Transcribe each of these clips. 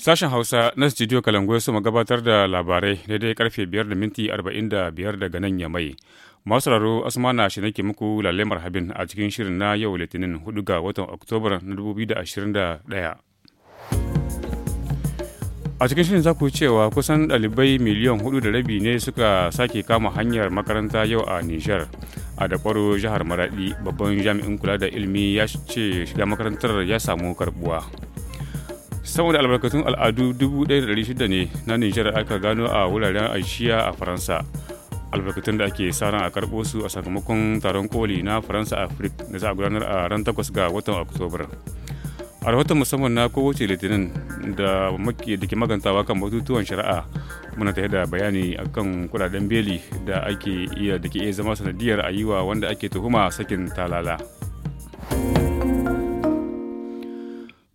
Sashen Hausa na Studio Kalangoyo su gabatar da labarai daidai karfe 5 da minti 45 daga nan ya mai. Masu raro Asmana shi nake muku lalle marhabin a cikin shirin na yau Litinin hudu ga watan oktobar na 2021. A cikin shirin za ku cewa kusan ɗalibai miliyan hudu da rabi ne suka sake kama hanyar makaranta yau a Nijar. A da kwaro jihar Maradi babban jami'in kula da ilimi ya ce shiga makarantar ya samu karbuwa. saboda albarkatun al'adu 1,600 ne na nijar aka gano a wuraren aishiya a faransa albarkatun da ake sa a karbo su a sakamakon taron koli na faransa afrik da za a gudanar a ran takwas ga watan oktobar a rahoton musamman na kowace litinin da ke magantawa kan batutuwan shari'a muna tare da bayani akan kudaden beli da ake iya da ke iya zama sanadiyar a yiwa wanda ake tuhuma sakin talala.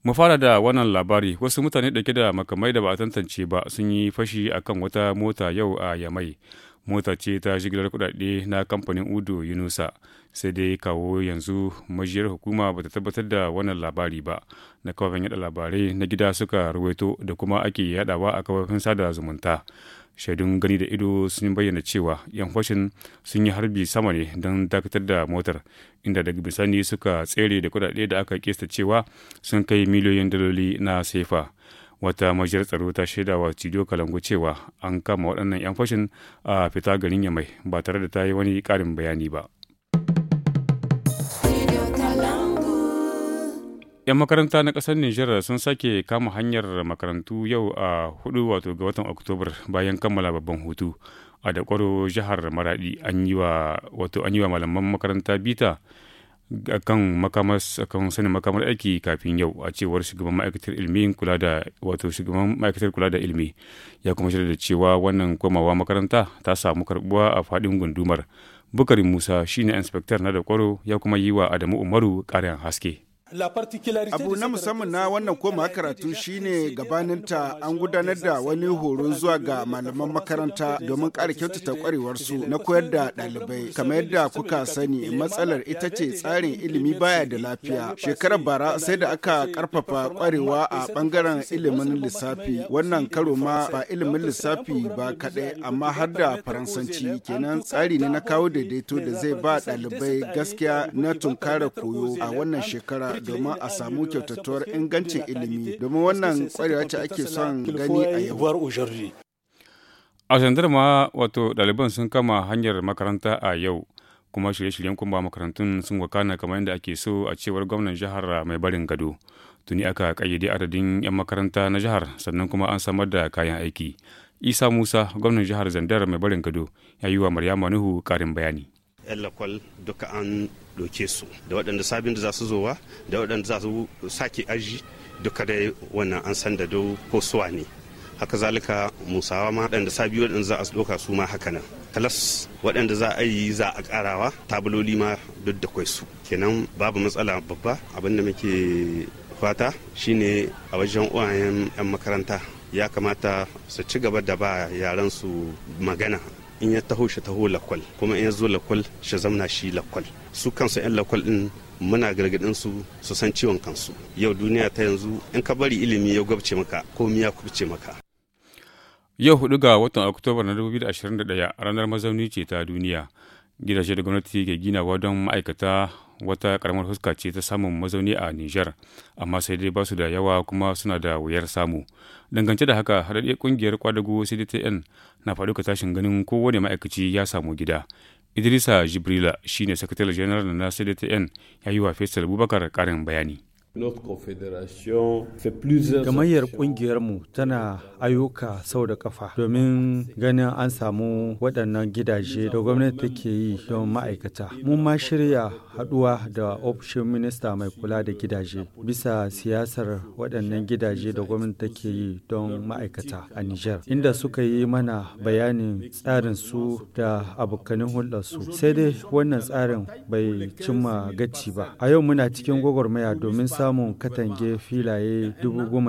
Mu fara da wannan labari wasu mutane ke da makamai da ba a tantance ba sun yi fashi akan wata mota yau a Yamai. Mota ce ta jigilar kudade na kamfanin Udo Yunusa sai dai kawo yanzu majiyar hukuma ba ta tabbatar da wannan labari ba na kafafen yada labarai na gida suka ruwaito da kuma ake yadawa a kafafen sada zumunta. shaidun gani da ido sun bayyana cewa yan fashin sun yi harbi sama ne don dakatar da motar inda daga bisani suka tsere da kudade da aka kista cewa sun kai miliyoyin daloli na sefa wata majiyar tsaro ta shaida wa cidiyo kalangu cewa an kama waɗannan yan fashin a fita garin yamai ba tare da ta yi wani ƙarin bayani ba 'yan makaranta na kasar nijar sun sake kama hanyar makarantu yau a hudu wato ga watan oktobar bayan kammala babban hutu a da kwaro jihar maradi an yi wa malaman makaranta bita kan makamas kan sanin makamar aiki kafin yau a cewar shugaban ma'aikatar ilmi kula da wato shugaban ma'aikatar kula da ilmi ya kuma shirya da cewa wannan komawa makaranta ta samu karbuwa a fadin gundumar bukari musa shine inspector na da kwaro ya kuma yi wa adamu umaru karin haske abu na musamman na wannan koma karatu shine gabaninta an gudanar da wani horo zuwa ga malaman makaranta domin ƙara kyautata su na koyar da ɗalibai kamar yadda kuka sani matsalar ita ce tsarin ilimi baya da lafiya shekarar bara sai da aka ƙarfafa kwarewa a ɓangaren ilimin lissafi wannan karo ma ba ilimin lissafi ba kaɗai amma har da faransanci kenan tsari ne na kawo daidaito da zai ba ɗalibai gaskiya na tunkara koyo a wannan shekara domin a samu kyautattuwar ingancin ilimi domin wannan kwarewa ce ake son gani a yau. A ma wato ɗaliban sun kama hanyar makaranta a yau kuma shirye-shiryen kuma makarantun sun wakana kamar yadda ake so a cewar gwamnan jihar mai barin gado. Tuni aka kayyade adadin 'yan makaranta na jihar sannan kuma an samar da kayan aiki. Isa Musa, gwamnan jihar Zandar mai barin gado, ya yi wa Maryama Nuhu karin bayani. 'yan lakwal duka an ɗauke su da waɗanda sabin da za su zowa da waɗanda za su sake aji duka dai wannan an san da dau ko suwa ne haka zalika musawa ma waɗanda sabi waɗanda za a ɗauka su ma haka nan kalas waɗanda za a yi za a ƙarawa tabuloli ma duk da kwai su kenan babu matsala babba abin da muke fata shine a wajen uwayen 'yan makaranta ya kamata su ci gaba da ba yaran su magana in ya taho shi taho lakwal kuma in ya zo lakwal shi zamna shi lakwal su kansu 'yan lakwal din muna gargadin su su san ciwon kansu yau duniya ta yanzu in ka bari ilimi ya gwabce maka ko miya kubce maka yau hudu ga watan oktoba na 2021 ranar mazauni ce ta duniya gidaje da gwamnati ke ginawa don ma'aikata wata karamar fuska ce ta samun mazauni a Nijar, amma sai dai ba su da yawa kuma suna da wuyar samu. Dangance da haka, haɗaɗɗe ƙungiyar kwadago CDTN na faɗo ka tashin ganin kowane ma'aikaci ya samu gida. Idrisa Jibrila shine sakataren janar na CDTN ya yi wa Faisal Abubakar ƙarin bayani. kamayyar ƙungiyarmu tana ayyuka sau da kafa domin ganin an samu waɗannan gidaje da gwamnati take yi don ma'aikata. Mun ma shirya haɗuwa da ofishin minista mai kula da gidaje bisa siyasar waɗannan gidaje da gwamnati take yi don ma'aikata a Nijar, inda suka yi mana bayanin tsarin su da abokanin hulɗarsu. Sai dai wannan tsarin bai cimma gaci ba. A yau muna cikin gwagwarmaya domin sa samun katange filaye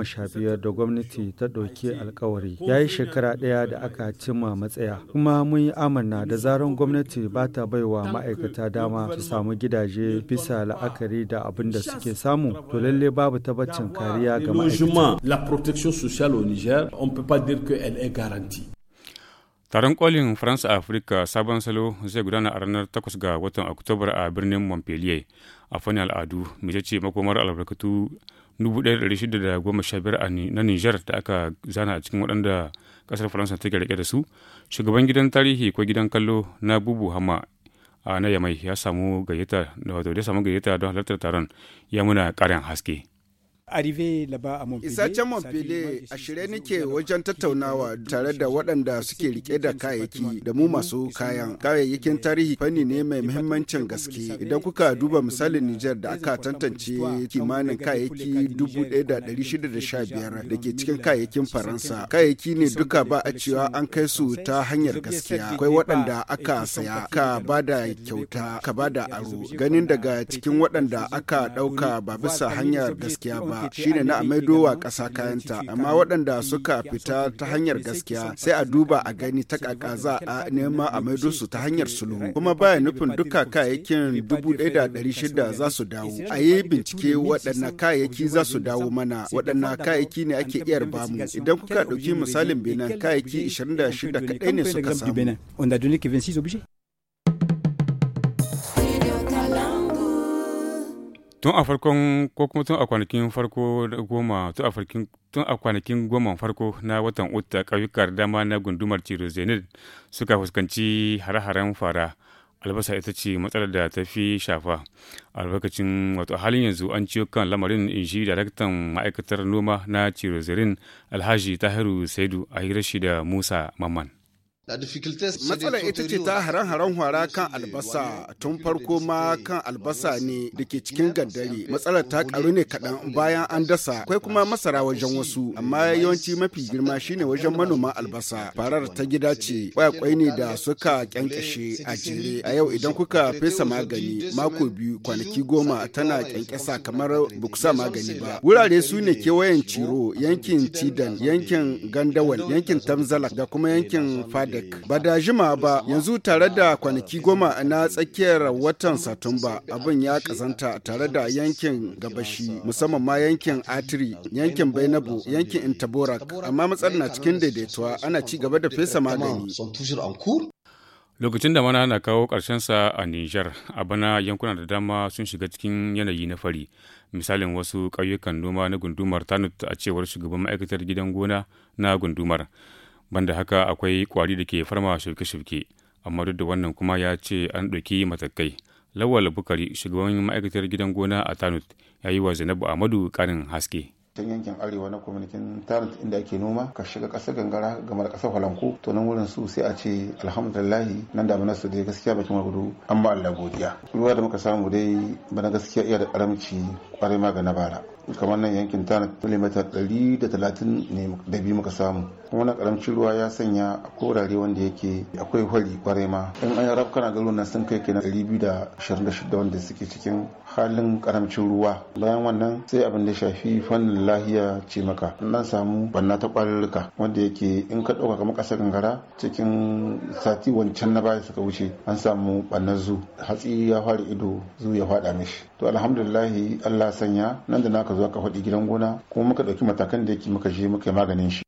sha biyar da gwamnati ta ɗauki alkawari. Ya yi shekara ɗaya da aka cimma matsaya. Kuma mun yi amanna da zaran gwamnati ba ta baiwa ma'aikata dama su samu gidaje bisa la'akari da abin da suke samu. To lalle babu tabbacin kariya ga ma'aikata. La protection sociale Taron kolin France africa sabon salo zai gudana a ranar 8 ga watan Oktobar a birnin Montpellier. a fannin al'adu mace ce makomar albarkatu 1615 na Nijar da aka zana a cikin waɗanda ƙasar Faransa take rike da su, shugaban gidan tarihi ko gidan kallo na Bubu Hama a na Yamai ya samu gayyata da wato da samu gayyata don halartar taron ya muna ƙarin haske. Isacen Montpellier a shirye nake wajen tattaunawa tare da waɗanda suke rike da kayayyaki da mu masu kayan. Kayayyakin tarihi fanni ne mai muhimmancin gaske. Idan kuka duba misalin Nijar da aka tantance kimanin kayayyaki 1,615 da ke cikin kayayyakin Faransa. Kayayyaki ne duka ba a cewa an kai su ta hanyar gaskiya. Akwai waɗanda aka saya, ka bada kyauta, ka bada aro. Ganin daga cikin waɗanda aka ɗauka ba bisa hanyar gaskiya ba. ba shine na maido wa ƙasa kayanta amma waɗanda suka fita ta hanyar gaskiya sai a duba a gani ta ƙaƙa za a nema a maido su ta hanyar sulhu kuma baya nufin duka kayayyakin eh, dubu ɗaya da ɗari shida za su dawo a yi bincike waɗanna kayayyaki za su dawo mana waɗanna kayayyaki ne ake iya bamu idan kuka ɗauki misalin benin kayayyaki shida kaɗai ne suka samu. tun a farkon ko kuma tun a kwanakin farko goma tun a farkin tun a kwanakin goma farko na watan uta ƙauyuka dama na gundumar ciro zenit suka fuskanci hare-haren fara albasa ita ce matsalar da ta fi shafa a lokacin wato halin yanzu an ciyo kan lamarin in shi daraktan ma'aikatar noma na ciro alhaji tahiru saidu a hirashi da musa mamman. Matsalar ita ce ta haran haren hwara kan albasa tun farko ma kan albasa ne da ke cikin gandare. Matsalar ta karu ne kaɗan bayan an dasa. Akwai kuma masara wajen wasu, amma yawanci mafi girma shine wajen manoman albasa. Farar ta gida ce, kwaikwai ne da suka kyankyashe a jere. A yau idan kuka fesa magani mako biyu kwanaki goma tana kyankyasa kamar buksa magani ba. Wurare su ne kewayen Ciro, yankin Cidan, yankin Gandawal, yankin tamzala da kuma yankin Fada. Sadiq. ba da jima ba yanzu tare da kwanaki goma na tsakiyar watan satumba abin ya kazanta tare da yankin gabashi musamman ma yankin atri yankin bainabu yankin intaborak amma matsalar na cikin daidaituwa ana ci gaba da fesa magani lokacin da mana na kawo sa a Nijar a bana yankuna da dama sun shiga cikin yanayi na fari misalin wasu ƙauyukan noma na gundumar tanut a cewar shugaban ma'aikatar gidan gona na gundumar banda haka akwai kwari da ke farma shuke-shuke amma duk da wannan kuma ya ce an ɗauki matakai lawal bukari shugaban ma'aikatar gidan gona a tanut ya yi wa zainabu amadu karin haske can yankin arewa na kwamitin tarut inda ake noma ka shiga ƙasar gangara da ƙasar holanko to nan wurin su sai a ce alhamdulillahi nan da su dai gaskiya bakin gudu an ba Allah godiya ruwa da muka samu dai bana gaskiya iya da karamci kwarai ma ga na bara kamar nan yankin ta tana milimita 130 ne da biyu muka samu kuma na karamcin ruwa ya sanya a korare wanda yake akwai hwari kwarai ma in an rab kana galo na sun kai kenan 226 wanda suke cikin halin karamcin ruwa bayan wannan sai abin da shafi fannin lahiya ce maka nan samu banna ta kwarurruka wanda yake in ka ɗauka kamar kasa gangara cikin sati wancan na baya suka wuce an samu banna zu hatsi ya fara ido zu ya faɗa mishi to alhamdulillahi Allah sanya nan da naka zo ka faɗi gidan gona kuma muka ɗauki matakan da yake muka je muka maganin shi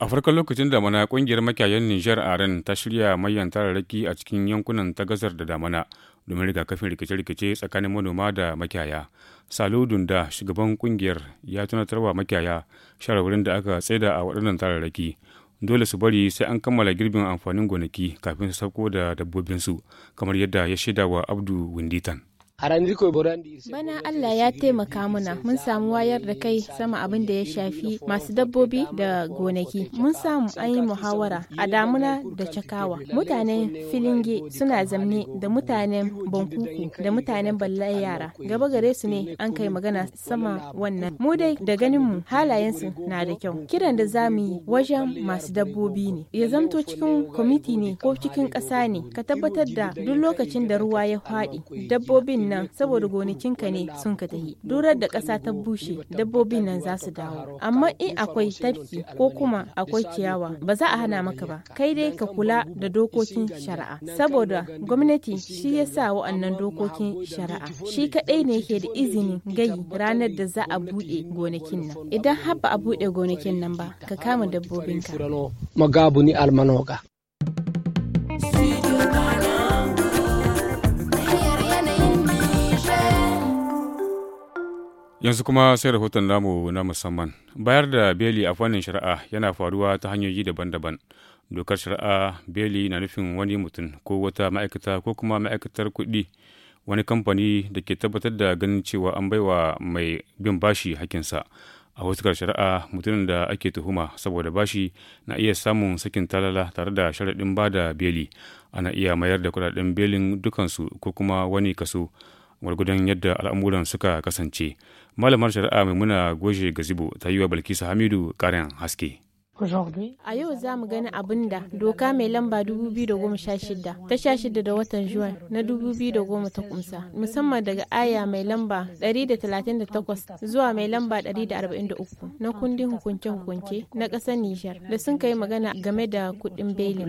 a farkon lokacin damana kungiyar makiyayen Nijar a ran ta shirya mayan tararraki a cikin yankunan ta gazar da damana domin rigakafin rikice-rikice tsakanin manoma da makiyaya salo dunda shugaban kungiyar ya wa makiyaya shawarwarin da aka tsaida a waɗannan tararraki dole su bari sai an kammala girbin amfanin gonaki kafin su sauko da dabbobinsu kamar yadda ya shaida wa abdu winditan Bana Allah ya taimaka mana mun samu wayar da kai sama abin da ya shafi masu dabbobi da gonaki. Mun samu an yi muhawara a damuna da cakawa. Mutanen filinge suna zamne da mutanen bankuku da mutanen ballan yara. Gaba gare su ne an kai magana sama wannan. Mu dai da ganinmu halayensu na da kyau. Kiran da za mu yi wajen masu dabbobi ne. Ya zamto cikin kwamiti ne ko cikin ƙasa ne. Ka tabbatar da duk lokacin da ruwa ya faɗi dabbobin nan saboda gonakinka ne sun ka tahi durar da ƙasa ta bushe dabbobin nan za su dawo amma in akwai tafki ko kuma akwai ciyawa ba za a hana maka ba kai dai ka kula da dokokin shari'a saboda gwamnati shi ya sa wa'annan dokokin shari'a shi kaɗai ne yake da izinin gai ranar da za a buɗe gonakin nan idan har a buɗe gonakin nan ba ka kama dabbobinka magabuni almanoga Yanzu kuma sai rahoton namu na musamman. Bayar da beli a fannin shari'a yana faruwa ta hanyoyi daban-daban. Dokar shari'a beli na nufin wani mutum ko wata ma'aikata ko kuma ma'aikatar kuɗi wani kamfani da ke tabbatar da ganin cewa an baiwa mai bin bashi hakinsa. A hotukar shari'a mutumin da ake tuhuma saboda bashi na iya samun sakin talala tare da sharaɗin ba da beli. Ana iya mayar da kuɗaɗen belin dukansu ko kuma wani kaso gwargwadon yadda al'amuran suka kasance malamar shari'a mai maimuna goje gazibo ta yi wa balkisa hamidu karen haske A yau za mu gani abin da doka mai lamba 2016 ta 16 da watan Juwan na 2010 ta kumsa, musamman daga aya mai lamba 138 zuwa mai lamba 143 na kundin hukunce-hukunce na ƙasar Nijar da sun kai magana game da kuɗin beli.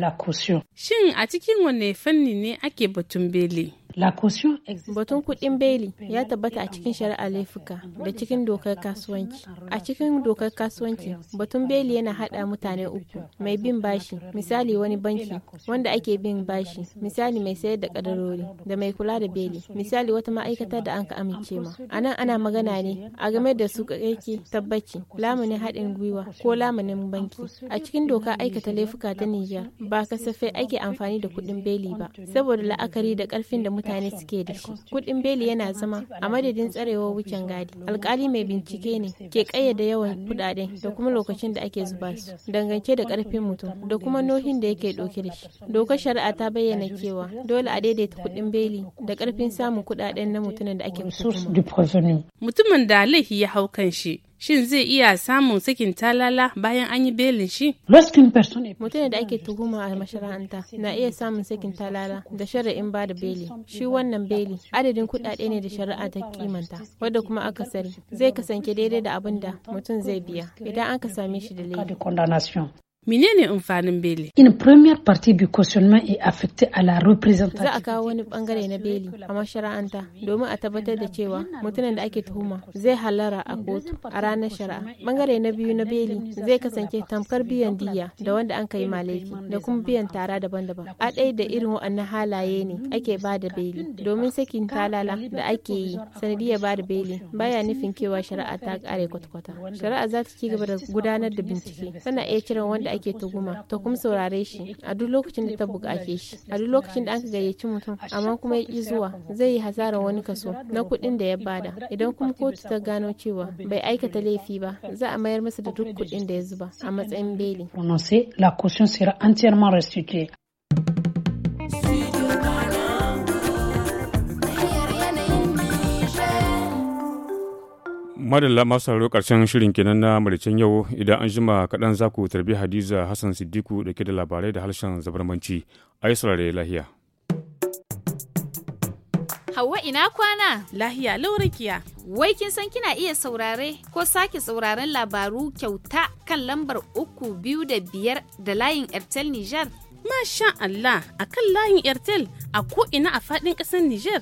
Shin a cikin wanne fanni ne ake batun beli? Batun kuɗin beli ya tabbata a cikin shari'a laifuka da cikin dokar kasuwanci. A cikin dokar kasuwanci, batun beli yana haɗa mutane uku, mai bin bashi, misali wani banki, wanda ake bin bashi, misali mai sayar da kadarori, da mai kula da beli, misali wata ma'aikata da an ka amince ma. A nan ana magana ne a game da su kake tabbaci, lamunin haɗin gwiwa ko lamunin banki. A cikin doka aikata laifuka ta Nijar, ba kasafai ake amfani da kuɗin beli ba, saboda la'akari da ƙarfin da mutane mutane suke da shi kudin beli yana zama a madadin tsarewar wucin gadi alkali mai bincike ne ke kayyade yawan kudaden da kuma lokacin da ake zuba su dangance da karfin mutum da kuma nohin da yake dauke da shi dokar shari'a ta bayyana cewa dole a daidaita kudin beli da karfin samun kudaden na mutumin da ake mutumin da laifi ya hau kan shi shin zai iya samun sakin talala bayan an yi belin shi? Mutum da ake tuhuma a mashara'anta na iya samun sakin talala da shari'in ba da beli. Shi wannan beli adadin kuɗaɗe ne da shari'a ta kimanta, wadda kuma aka sari zai kasance daidai da abin da mutum zai biya idan aka same shi da laifi. Menene amfanin beli? In premier party bikosolman e affecté à la représentation. Za a kawo wani bangare na beli a mashara'anta domin a tabbatar da cewa mutumin da ake tuhuma zai halara a kotu a ranar shari'a. Bangare na biyu na beli zai kasance tamkar biyan diya da wanda an kai malaifi da kuma biyan tara daban-daban. A ɗaya da irin waɗannan halaye ne ake ba da beli domin sakin talala da ake yi sanadiyar ba da beli baya nufin kewa shari'a ta ƙare kwata-kwata. Shari'a za ta ci gaba da gudanar da bincike sana iya kiran wanda da ake tuguma ta kuma saurare shi a duk lokacin da ta buƙace shi a duk lokacin da aka gayyaci mutum amma kuma ya ƙi zuwa zai yi hasarar wani kaso na kuɗin da ya bada idan kuma kotu ta gano cewa bai aikata laifi ba za a mayar masa da duk kuɗin da ya zuba a matsayin beli. madalla masu sauraro karshen shirin kenan na maricin yau idan an jima kaɗan za ku tarbi hadiza hassan siddiku da ke da labarai da harshen zabarmanci a yi saurare lahiya hawa ina kwana lahiya laurakiya wai kin san kina iya saurare ko sake sauraren labaru kyauta kan lambar uku biyu da biyar da layin airtel niger masha allah kan layin airtel a ko ina a faɗin ƙasar niger